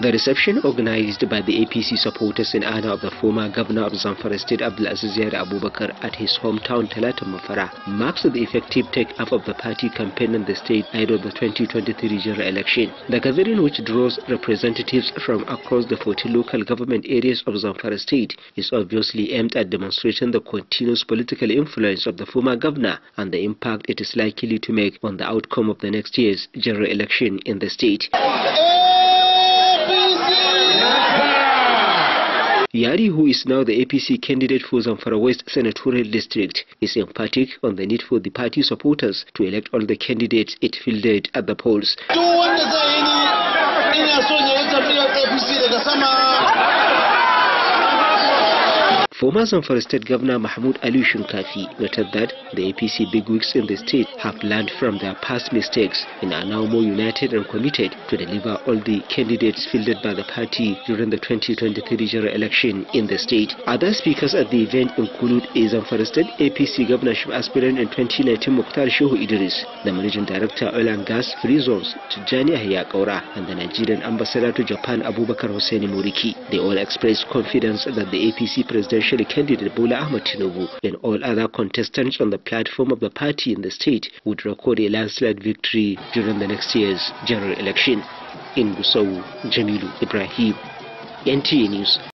The reception organized by the APC supporters in honor of the former governor of Zamfara State Abdulaziz Abubakar at his hometown Talata marks the effective take-up of the party campaign in the state ahead of the 2023 general election. The gathering which draws representatives from across the 40 local government areas of Zamfara State is obviously aimed at demonstrating the continuous political influence of the former governor and the impact it is likely to make on the outcome of the next year's general election in the state. Yari, who is now the APC candidate for Zamfara West Senatorial District, is emphatic on the need for the party supporters to elect all the candidates it fielded at the polls. Former Zamfara State Governor Mahmoud Ali Shunkafi noted that the APC bigwigs in the state have learned from their past mistakes and are now more united and committed to deliver all the candidates fielded by the party during the 2023 general election in the state. Other speakers at the event include a Zamfara State APC governorship aspirant in 2019 Mukhtar Shehu Idris, the managing director oil and gas free zones Tijani and the Nigerian ambassador to Japan Abubakar Hosseini Muriki. They all expressed confidence that the APC presidential candidate Bola Ahmed Tinubu and all other contestants on the platform of the party in the state would record a landslide victory during the next year's general election. In Gusau, Jamilu Ibrahim, NTA News.